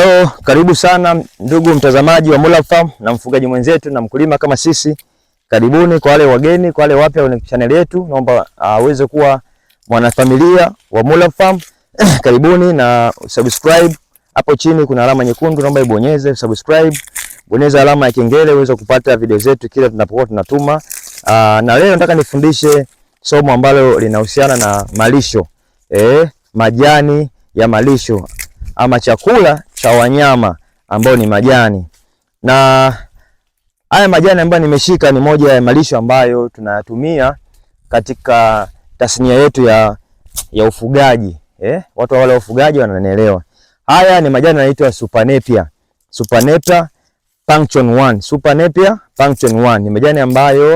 Hello, karibu sana ndugu mtazamaji wa Mulap Farm na mfugaji mwenzetu na mkulima kama sisi. Karibuni kwa wale wageni, kwa wale wapya kwenye channel yetu. Naomba aweze ah, uh, kuwa mwanafamilia wa Mulap Farm. Karibuni na subscribe. Hapo chini kuna alama nyekundu, naomba ibonyeze subscribe. Bonyeza alama ya kengele uweze kupata video zetu kila tunapokuwa tunatuma. Uh, na leo nataka nifundishe somo ambalo linahusiana na malisho. Eh, majani ya malisho ama chakula cha wanyama ambao ni majani. Na haya majani ambayo nimeshika ni moja ya malisho ambayo tunayatumia katika tasnia yetu ya, ya ufugaji eh? Watu wale wafugaji wananielewa. Haya ni majani yanaitwa Supernepia. Supernepia Punction 1. Supernepia Punction 1 ni majani ambayo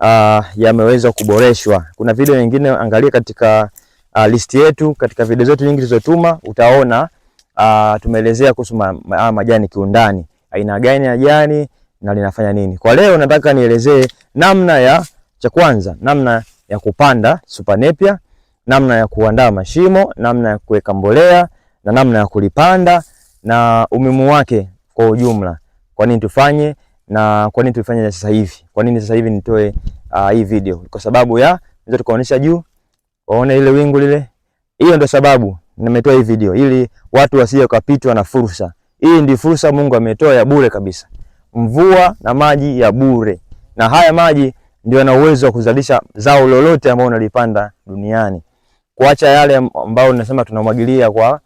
uh, yameweza kuboreshwa. Kuna video nyingine angalia katika uh, ah, listi yetu katika video zetu nyingi tulizotuma utaona uh, tumeelezea kuhusu ma, ma, ma, majani kiundani, aina gani ya jani na linafanya nini. Kwa leo nataka nielezee namna ya cha kwanza, namna ya kupanda Super Napier, namna ya kuandaa mashimo, namna ya kuweka mbolea na namna ya kulipanda na umuhimu wake kwa ujumla. Kwa nini tufanye na kwa nini tufanye sasa hivi? Kwa nini sasa hivi nitoe uh, hii video? Kwa sababu ya ndio tukaonesha juu, waone ile wingu lile. Hiyo ndio sababu nimetoa hii video ili watu wasije kupitwa na fursa hii. Ndi fursa Mungu ametoa ya bure kabisa, mvua na maji ya bure, na haya maji ndio yana uwezo wa kuzalisha zao lolote ambalo unalipanda duniani, kuacha yale ambayo tunasema tunamwagilia kwa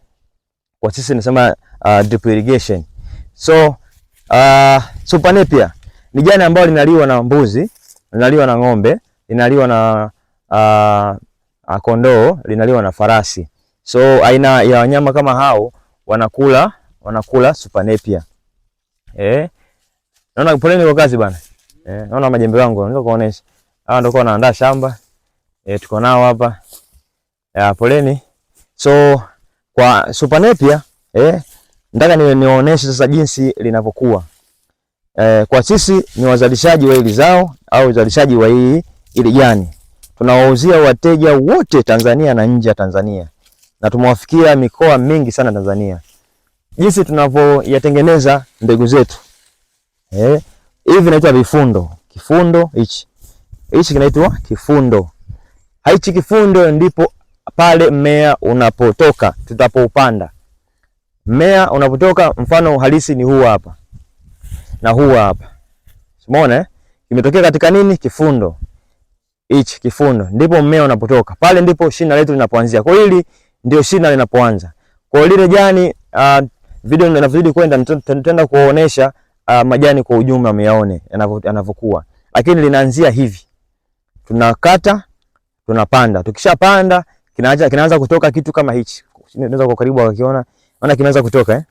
kwa sisi tunasema uh, drip irrigation. So uh, Super Napier ni jani ambalo linaliwa na mbuzi, linaliwa na ng'ombe, linaliwa na uh, uh kondoo, linaliwa na farasi. So aina ya wanyama kama hao wanakula wanakula Super Napier. Eh. Naona poleni kwa kazi bana. Eh, naona majembe wangu naweza kuonesha. Hawa ndio wanaandaa shamba. Eh, tuko nao hapa. Ya poleni. So kwa Super Napier eh, nataka ni nionyeshe sasa jinsi linavyokuwa. Eh, kwa sisi ni wazalishaji wa hili zao au wazalishaji wa hii ili jani. Tunawauzia wateja wote Tanzania na nje ya Tanzania na tumewafikia mikoa mingi sana Tanzania. Jinsi tunavyoyatengeneza mbegu zetu eh, hivi inaitwa vifundo. Kifundo hichi hichi kinaitwa kifundo. Hichi kifundo ndipo pale mmea unapotoka tutapoupanda. Mmea unapotoka, mfano halisi ni huu hapa na huu hapa, umeona eh? Imetokea katika nini? Kifundo hichi kifundo, ndipo mmea unapotoka pale, ndipo shina letu linapoanzia. Kwa hili ndio shina linapoanza. Kwa hiyo lile jani uh, video inavyozidi kwenda nitaenda kuonesha uh, ah, majani kwa ujumla myaone yanavyokuwa, lakini linaanzia hivi, tunakata tunapanda, tukishapanda kinaanza kinaanza kutoka kitu kama hichi, unaweza kwa karibu ukiona, maana kimeanza kutoka eh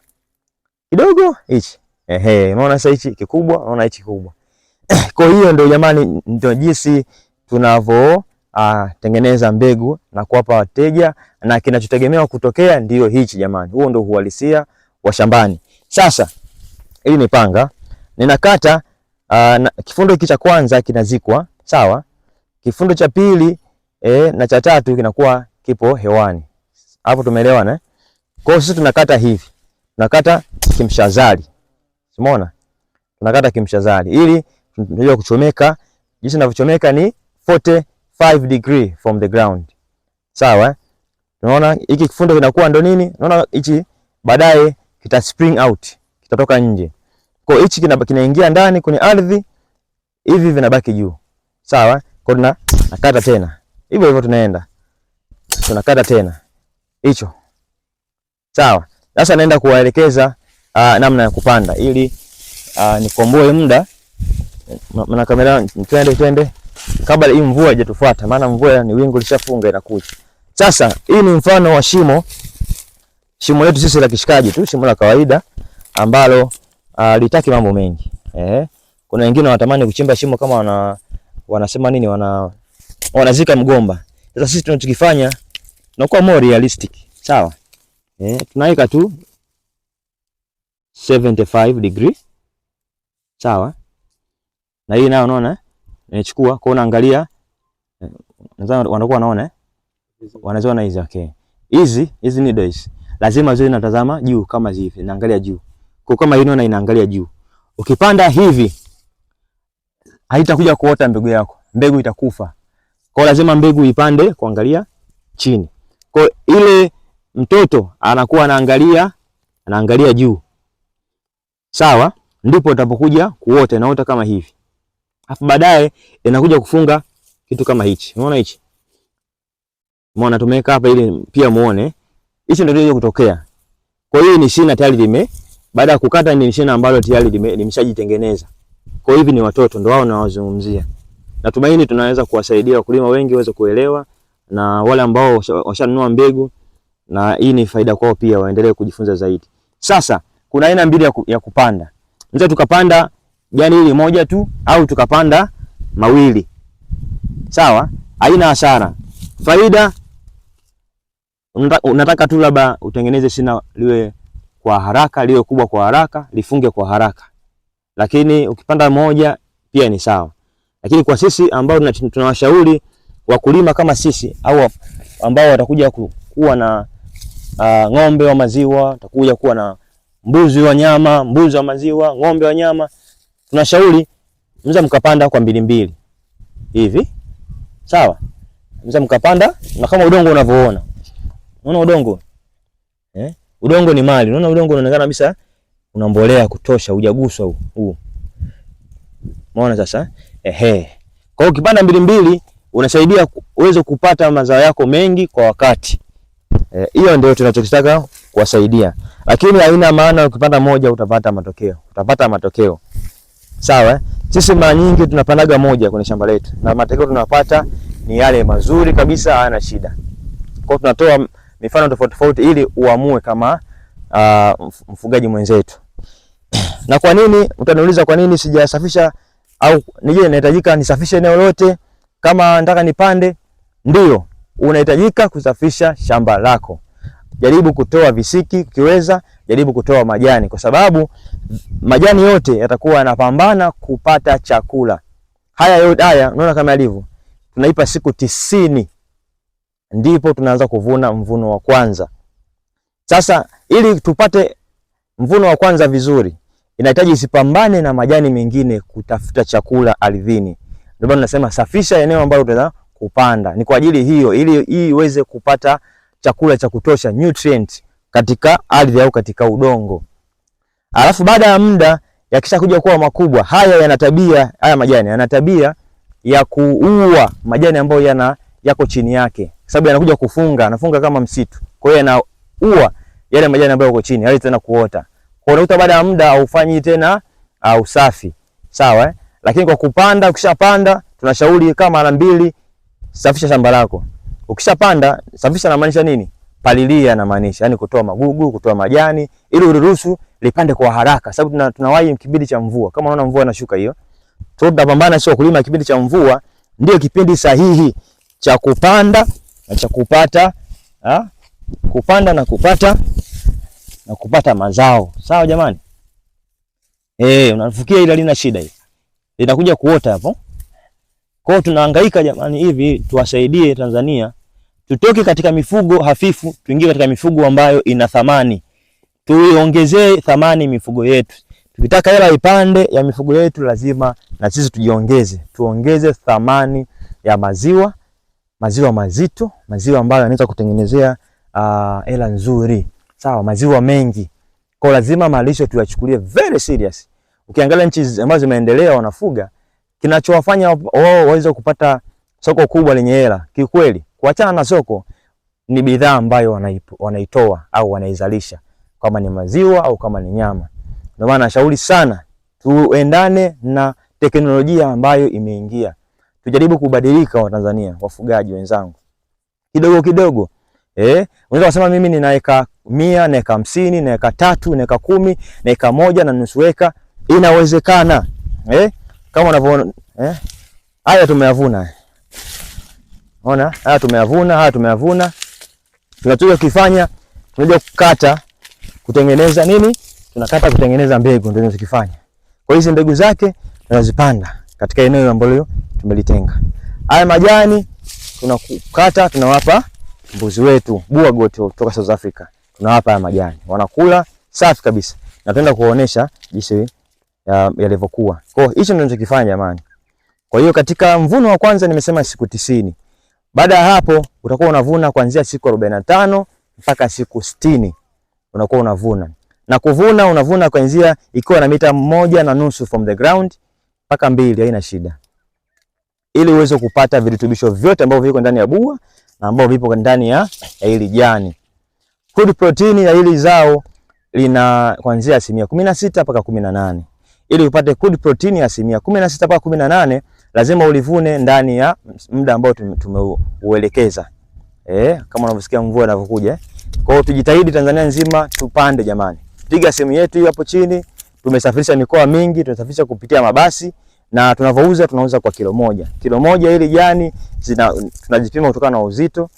kidogo hichi, ehe, unaona sasa hichi kikubwa, unaona hichi kubwa. Kwa hiyo ndio jamani, ndio jinsi tunavyo kutengeneza mbegu na kuwapa wateja, na kinachotegemewa kutokea ndio hichi jamani. Huo ndio uhalisia wa shambani. Sasa hii ni panga ninakata. Aa, ah, kifundo hiki cha kwanza kinazikwa sawa. Kifundo cha pili e, na cha tatu kinakuwa kipo hewani. Hapo tumeelewana eh? Kwa hiyo sisi tunakata hivi, tunakata kimshazali, umeona, tunakata kimshazali ili tunajua kuchomeka. Jinsi ninavyochomeka ni fote 5 degree from the ground. Sawa? Eh? Unaona hiki kifundo kinakuwa ndo nini? Unaona hichi baadaye kita spring out, kitatoka nje. Kwa hichi kinaingia ndani kwenye ardhi, hivi vinabaki juu. Sawa? Kwa tuna nakata tena. Hivyo hivyo tunaenda. Tunakata tena. Hicho. Sawa. Sasa naenda kuwaelekeza uh, namna ya kupanda ili uh, nikomboe muda Mna kamera twende twende kabla hii mvua haijatufuata, maana mvua ni wingu lishafunga inakuja. Sasa hii ni mfano wa shimo, shimo letu sisi la kishikaji tu, shimo la kawaida ambalo ah, litaki mambo mengi eh. Kuna wengine wanatamani kuchimba shimo kama wana wanasema nini, wana wanazika mgomba. Sasa sisi tunachokifanya tunakuwa more realistic, sawa eh, tunaika tu 75 degree sawa, na hii nayo unaona eh? Nimechukua kwa unaangalia, eh, nadhani wanakuwa wanaona eh? wanaziona hizi okay. Hizi hizi ni needles lazima ziwe natazama juu kama hivi, naangalia juu. Kwa kama hii naona inaangalia juu. Ukipanda hivi haitakuja kuota mbegu yako, mbegu itakufa. Kwa lazima mbegu ipande kuangalia chini. Kwa ile mtoto anakuwa anaangalia anaangalia juu, sawa, ndipo utapokuja kuota, naota kama hivi. Alafu baadaye inakuja kufunga kitu kama hichi. Unaona hichi? Umeona tumeweka hapa ili pia muone. Hicho ndio kile kutokea. Kwa hiyo ni shina tayari lime baada ya kukata ni shina ambalo tayari limeshajitengeneza. Kwa hivi ni watoto ndio wao nawazungumzia. Natumaini tunaweza kuwasaidia wakulima wengi waweze kuelewa na wale ambao washanunua mbegu na hii ni faida kwao pia waendelee kujifunza zaidi. Sasa kuna aina mbili ya kupanda. Mzee tukapanda jani hili moja tu au tukapanda mawili, sawa, haina hasara. Faida unataka tu labda utengeneze shina liwe kwa haraka, liwe kubwa kwa haraka, lifunge kwa haraka, lakini ukipanda moja pia ni sawa. Lakini kwa sisi ambao tunawashauri wakulima kama sisi au ambao watakuja kuwa na uh, ng'ombe wa maziwa, watakuja kuwa na mbuzi wa nyama, mbuzi wa maziwa, ng'ombe wa nyama tunashauri mnaweza mkapanda kwa mbili mbili hivi, sawa? Mnaweza mkapanda na kama udongo unavyoona, unaona udongo eh, udongo ni mali. Unaona udongo unaonekana kabisa una mbolea kutosha, hujaguswa huu umeona sasa? Ehe, kwa hiyo ukipanda mbili mbili unasaidia uweze kupata mazao yako mengi kwa wakati. Eh, hiyo e, ndio tunachokitaka kuwasaidia, lakini haina maana ukipanda moja utapata matokeo, utapata matokeo sawa. Eh? Sisi mara nyingi tunapandaga moja kwenye shamba letu na matokeo tunapata ni yale mazuri kabisa, hayana shida. Kwa tunatoa mifano tofauti tofauti ili uamue kama uh, mfugaji mwenzetu. Na kwa nini utaniuliza, kwa nini sijasafisha au nije nahitajika nisafishe eneo lote kama nataka nipande? Ndio, unahitajika kusafisha shamba lako jaribu kutoa visiki ukiweza, jaribu kutoa majani, kwa sababu majani yote yatakuwa yanapambana kupata chakula. Haya yote haya, unaona kama yalivyo, tunaipa siku tisini ndipo tunaanza kuvuna mvuno wa kwanza. Sasa ili tupate mvuno wa kwanza vizuri, inahitaji isipambane na majani mengine kutafuta chakula ardhini. Ndio maana nasema safisha eneo ambalo utaweza kupanda, ni kwa ajili hiyo, ili hii iweze kupata chakula cha kutosha nutrient katika ardhi au katika udongo. Alafu baada ya muda yakishakuja kuwa makubwa, haya yana tabia, haya majani yana tabia ya kuua majani ambayo yana yako chini yake, sababu yanakuja kufunga, anafunga kama msitu. Kwa hiyo yanaua yale majani ambayo yako chini, hali tena kuota. Kwa hiyo unakuta baada ya muda haufanyi tena uh, usafi. Sawa eh? Lakini kwa kupanda, ukishapanda tunashauri kama mara mbili safisha shamba lako. Ukishapanda safisha namaanisha nini? Palilia namaanisha yani kutoa magugu, kutoa majani ili uruhusu lipande kwa haraka, sababu tuna, tunawahi kipindi cha mvua. Kama unaona mvua inashuka hiyo, so tunapambana, sio kulima kipindi cha mvua, ndio kipindi sahihi cha kupanda na cha kupata ha? kupanda na kupata na kupata mazao. Sawa jamani? Eh, unafukia ile lina shida hii. Linakuja kuota hapo. Kwa hiyo tunahangaika jamani hivi tuwasaidie Tanzania tutoke katika mifugo hafifu tuingie katika mifugo ambayo ina thamani, tuiongezee thamani mifugo yetu. Tukitaka hela ipande ya mifugo yetu, lazima na sisi tujiongeze, tuongeze thamani ya maziwa, maziwa mazito, maziwa ambayo yanaweza kutengenezea ah, hela uh, nzuri, sawa, maziwa mengi. Kwa lazima malisho tuyachukulie very serious. Ukiangalia nchi ambazo zimeendelea wanafuga, kinachowafanya wao waweze kupata soko kubwa lenye hela kikweli Kuachana na soko, ni bidhaa ambayo wanaitoa au wanaizalisha, kama ni maziwa au kama ni nyama. Ndio maana nashauri sana tuendane na teknolojia ambayo imeingia, tujaribu kubadilika. Watanzania wafugaji wenzangu, kidogo kidogo Eh, unaweza kusema mimi nina eka mia na eka hamsini na eka tatu na kumi na moja na nusu eka, inawezekana. Eh, kama unavyoona eh, haya tumeyavuna. Ona, haya tumeyavuna, haya tumeyavuna. Tunachokuja kifanya, tunakuja kukata kutengeneza nini? Tunakata kutengeneza mbegu, ndio tunachokifanya. Kwa hizi mbegu zake tunazipanda katika eneo ambalo tumelitenga. Haya majani tunakata, tunawapa mbuzi wetu bua gote kutoka South Africa. Tunawapa haya majani. Wanakula safi kabisa. Na tunaenda kuwaonesha jinsi yalivyokuwa. Kwa hiyo hicho ndio tunachokifanya jamani. Kwa hiyo katika mvuno wa kwanza nimesema siku tisini. Baada ya hapo utakuwa unavuna kuanzia siku 45 mpaka siku 60 unakuwa unavuna. Na kuvuna unavuna kuanzia ikiwa na mita moja na nusu from the ground mpaka mbili, haina shida. Ili uweze kupata virutubisho vyote ambavyo viko ndani ya bua na ambavyo vipo ndani ya ya hili jani. Good protein ya hili zao lina kuanzia asilimia 16 mpaka 18. Ili upate good protein ya asilimia 16 mpaka 18 lazima ulivune ndani ya muda ambao tumeuelekeza. Eh, kama unavyosikia mvua inavyokuja. Kwa hiyo tujitahidi Tanzania nzima tupande jamani. Piga simu yetu hapo chini. Tumesafirisha mikoa mingi, tunasafirisha kupitia mabasi na tunavouza tunauza kwa kilo moja. Kilo moja ili jani tunajipima kutokana na uzito,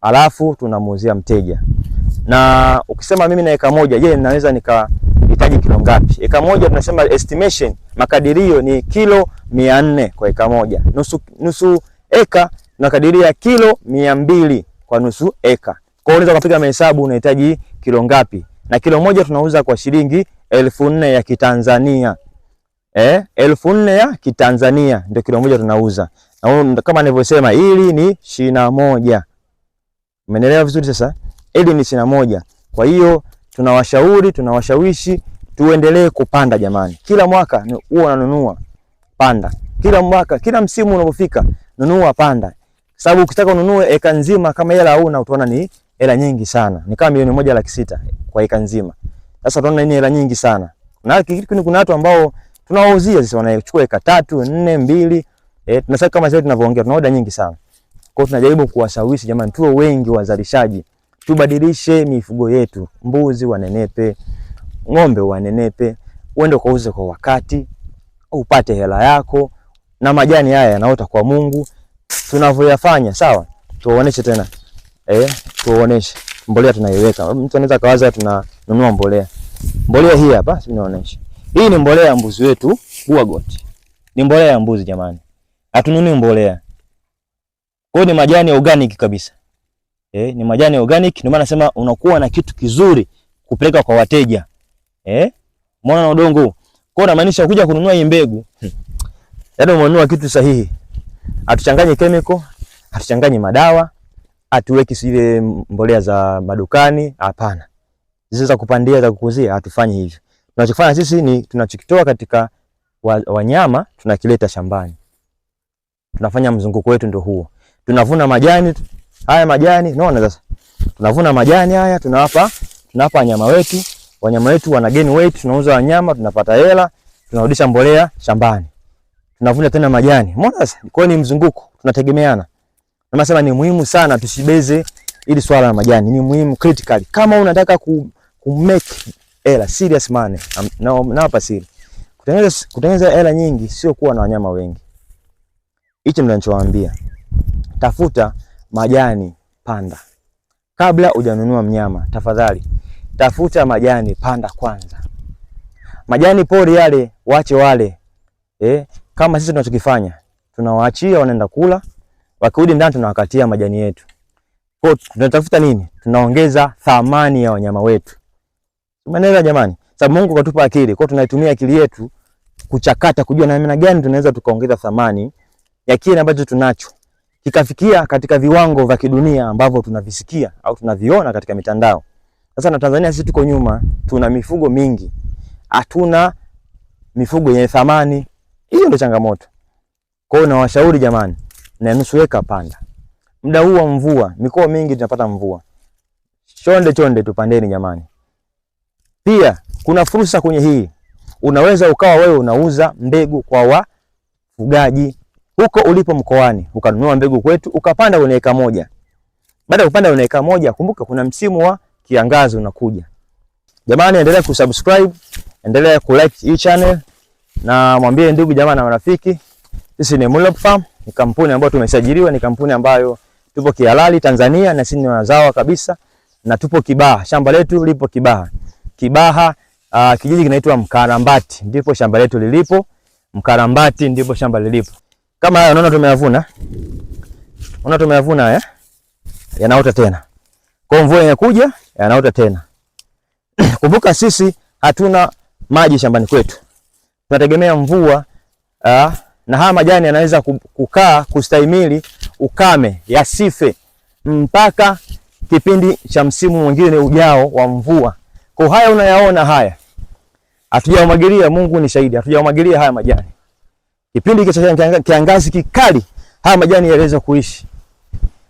alafu tunamuuzia mteja. Na ukisema mimi na eka moja, je, naweza nika unahitaji kilo ngapi? Eka moja tunasema estimation, makadirio ni kilo mia nne kwa eka moja. Nusu, nusu eka tunakadiria kilo mia mbili kwa nusu eka. Kwa hiyo unaweza kupiga mahesabu unahitaji kilo ngapi, na kilo moja tunauza kwa shilingi elfu nne ya Kitanzania. Eh, elfu nne ya Kitanzania ndio kilo moja tunauza. Na kama nilivyosema hili ni shina moja. Umeelewa vizuri sasa? Hili ni shina moja. Kwa hiyo tunawashauri tunawashawishi tuendelee kupanda jamani. Kila mwaka huwa unanunua panda, kila mwaka, kila msimu unapofika nunua panda, sababu ukitaka ununue eka nzima kama hela huna, utaona ni hela nyingi sana, ni kama milioni moja laki sita kwa eka nzima. Sasa utaona ni hela nyingi sana, na kuna watu ambao tunawauzia sisi, wanachukua eka tatu, nne, mbili. E, tunasema kama sasa tunavyoongea tuna oda nyingi sana. Kwa hiyo tunajaribu kuwashawishi jamani, tuwe wengi wazalishaji, tubadilishe mifugo yetu, mbuzi wanenepe ng'ombe uwanenepe, uende ukauze kwa wakati upate hela yako, na majani haya yanaota kwa Mungu. Tunavyoyafanya sawa, tuoneshe tena eh, tuoneshe mbolea tunaiweka. Mtu anaweza kawaza tunanunua mbolea, mbolea hii hapa, si naonesha hii ni mbolea ya mbuzi wetu Buagot, ni mbolea ya mbuzi jamani, hatununui mbolea. Kwa hiyo ni majani organic kabisa eh, ni majani organic. Ndio maana nasema unakuwa na kitu kizuri kupeleka kwa wateja eh, umeona na udongo Kwa hiyo inamaanisha kuja kununua hii mbegu yaani umenunua kitu sahihi, atuchanganye chemical, atuchanganye madawa, atuweki zile mbolea za madukani, hapana. Zile za kupandia za kukuzia hatufanye hivyo. Tunachofanya sisi ni tunachokitoa katika wanyama wa tunakileta shambani, tunafanya mzunguko wetu ndio huo. Tunavuna majani haya, majani unaona sasa, tunavuna majani haya tunawapa tunawapa wanyama wetu wanyama wetu wana gain weight, tunauza wanyama tunapata hela, tunarudisha mbolea shambani, tunavuna tena majani. Umeona sasa, kwa ni mzunguko, tunategemeana. Na nasema ni muhimu sana tusibeze ili swala la majani, ni muhimu critical. Kama unataka ku, ku make hela serious money, um, na na hapa siri kutengeneza kutengeneza hela nyingi, sio kuwa na wanyama wengi. Hicho ndio ninachowaambia, tafuta majani, panda kabla hujanunua mnyama, tafadhali tafuta majani, panda kwanza. Majani pori yale wache wale, eh, kama sisi tunachokifanya, tunawaachia wanaenda kula, wakirudi ndani tunawakatia majani yetu. Kwa tunatafuta nini? Tunaongeza thamani ya wanyama wetu. Umeelewa jamani? Sababu Mungu katupa akili, kwa tunaitumia akili yetu kuchakata, kujua namna gani tunaweza tukaongeza thamani ya kile ambacho tunacho kikafikia katika viwango vya kidunia ambavyo tunavisikia au tunaviona katika mitandao. Sasa na Tanzania sisi tuko nyuma, tuna mifugo mingi, hatuna mifugo yenye thamani. Hiyo ndio changamoto. Kwa hiyo nawashauri jamani, na nusu eka panda muda huu wa mvua, mikoa mingi tunapata mvua, chonde chonde tupandeni jamani. Pia kuna fursa kwenye hii, unaweza ukawa wewe unauza mbegu kwa wafugaji huko ulipo mkoani, ukanunua mbegu kwetu ukapanda kwenye eka moja. Baada ya kupanda kwenye eka moja, kumbuka kuna msimu wa kiangazi unakuja. Jamani, endelea kusubscribe, endelea kulike hii channel na mwambie ndugu jamaa na marafiki. Sisi ni Mulap Farm, ni kampuni ambayo tumesajiliwa, ni kampuni ambayo tupo kihalali Tanzania na sisi ni wazawa kabisa na tupo Kibaha. Shamba letu lipo Kibaha. Kibaha uh, kijiji kinaitwa Mkarambati ndipo shamba letu lilipo. Mkarambati ndipo shamba lilipo. Kama haya unaona tumeyavuna. Unaona tumeyavuna haya. Eh? Yanaota tena. Kwa mvua inakuja yanaota tena. Kumbuka sisi hatuna maji shambani kwetu, tunategemea mvua aa, na haya majani yanaweza kukaa kustahimili ukame, yasife mpaka kipindi cha msimu mwingine ujao wa mvua. Kwa haya unayaona haya, hatujamwagilia. Mungu ni shahidi, hatujamwagilia haya majani. Kipindi cha kiangazi kikali haya majani yaliweza kuishi,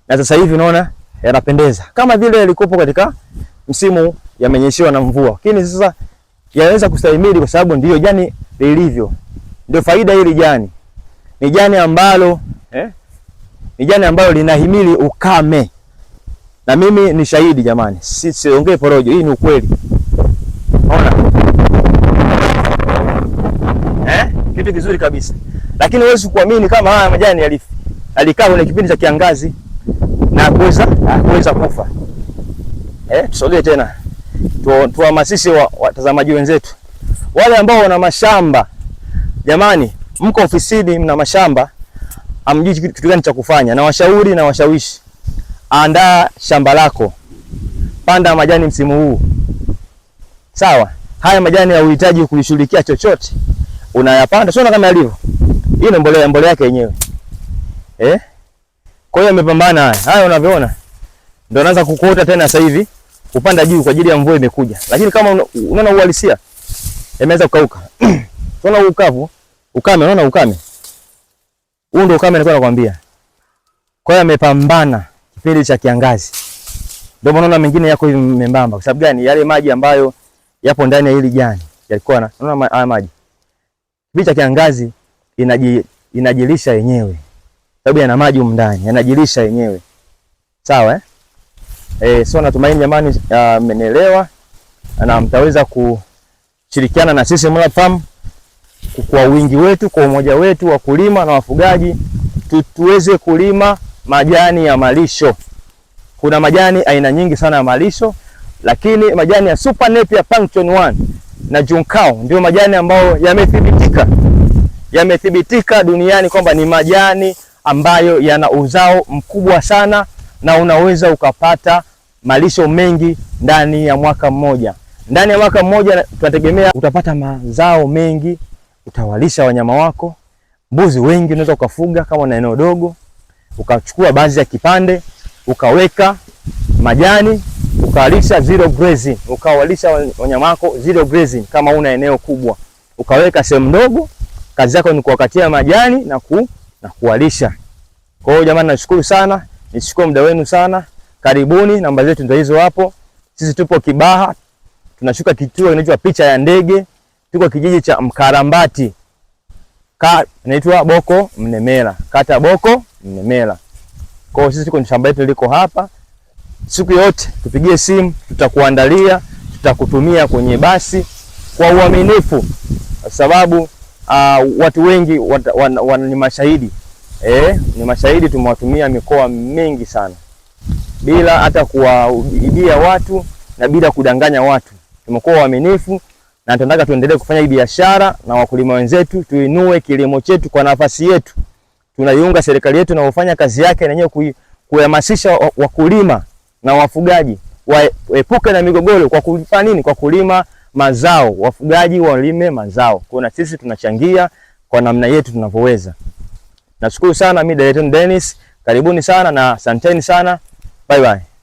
na sasa hivi unaona yanapendeza kama vile yalikopo katika msimu yamenyeshewa na mvua, lakini sasa yaweza kustahimili kwa sababu ndiyo jani lilivyo. Ndio faida hili jani ni jani ambalo eh, ni jani ambalo linahimili ukame, na mimi ni shahidi jamani, siongee porojo, hii ni ukweli. Ona eh, kitu kizuri kabisa, lakini huwezi kuamini kama haya majani yalikaa kwenye kipindi cha kiangazi na kuweza na kuweza kufa. Eh, tusogee tena tuhamasishe tu watazamaji wa wenzetu wale ambao wana mashamba. Jamani, mko ofisini, mna mashamba, amjui kitu gani cha kufanya, na washauri na washawishi, andaa shamba lako, panda majani msimu huu, sawa. Haya majani uhitaji kulishughulikia chochote, unayapanda, sio kama yalivyo. Hii ni mbolea, mbolea yake yenyewe eh kwa hiyo amepambana haya. Haya unavyoona. Ndio anaanza kukota tena sasa hivi upanda juu kwa ajili ya mvua imekuja. Lakini kama unaona uhalisia imeanza kukauka. Unaona ukavu? Ukame, unaona ukame. Huu ndio ukame nilikuwa nakwambia. Kwa hiyo amepambana kipindi cha kiangazi. Ndio maana unaona mengine yako hivi membamba. Kwa sababu gani? Yale maji ambayo yapo ndani ya hili jani yalikuwa na unaona haya maji. Kipindi cha kiangazi inaji, inajilisha yenyewe sababu yana maji huko ndani, yanajilisha yenyewe. Sawa eh? Eh, so natumaini jamani, mmenielewa uh, na mtaweza kushirikiana na sisi Mulap Farm kwa wingi wetu, kwa umoja wetu wakulima na wafugaji, tuweze kulima majani ya malisho. Kuna majani aina nyingi sana ya malisho, lakini majani ya Super Napier Puncton One na Junkao ndio majani ambayo yamethibitika, yamethibitika duniani kwamba ni majani ambayo yana uzao mkubwa sana na unaweza ukapata malisho mengi ndani ya mwaka mmoja. Ndani ya mwaka mmoja tunategemea utapata mazao mengi, utawalisha wanyama wako, mbuzi wengi unaweza ukafuga kama na eneo dogo, ukachukua baadhi ya kipande ukaweka majani ukawalisha zero grazing, ukawalisha wanyama wako zero grazing. Kama una eneo kubwa ukaweka sehemu ndogo, kazi yako ni kuwakatia majani na ku na kuwalisha. Kwa hiyo jamani, nashukuru sana, nishukuru muda wenu sana. Karibuni, namba zetu ndio hizo hapo. Sisi tupo Kibaha, tunashuka kituo kinachoitwa Picha ya Ndege, tuko kijiji cha Mkarambati, ka inaitwa Boko Mnemela, kata Boko Mnemela. Kwa hiyo sisi tuko shamba letu liko hapa. Siku yote tupigie simu, tutakuandalia, tutakutumia kwenye basi kwa uaminifu, kwa sababu uh, watu wengi wat, wan, wan, ni mashahidi eh, ni mashahidi tumewatumia mikoa mingi sana bila hata kuwaibia watu na bila kudanganya watu. Tumekuwa waaminifu na tunataka tuendelee kufanya hii biashara na wakulima wenzetu, tuinue kilimo chetu kwa nafasi yetu. Tunaiunga serikali yetu inayofanya kazi yake na yenyewe kuhamasisha wakulima na wafugaji waepuke na migogoro. Kwa kufanya nini? Kwa kulima mazao, wafugaji walime mazao. Kwa na sisi tunachangia kwa namna yetu tunavyoweza. Nashukuru sana mimi Dayton Dennis, karibuni sana na asanteni sana. Bye bye.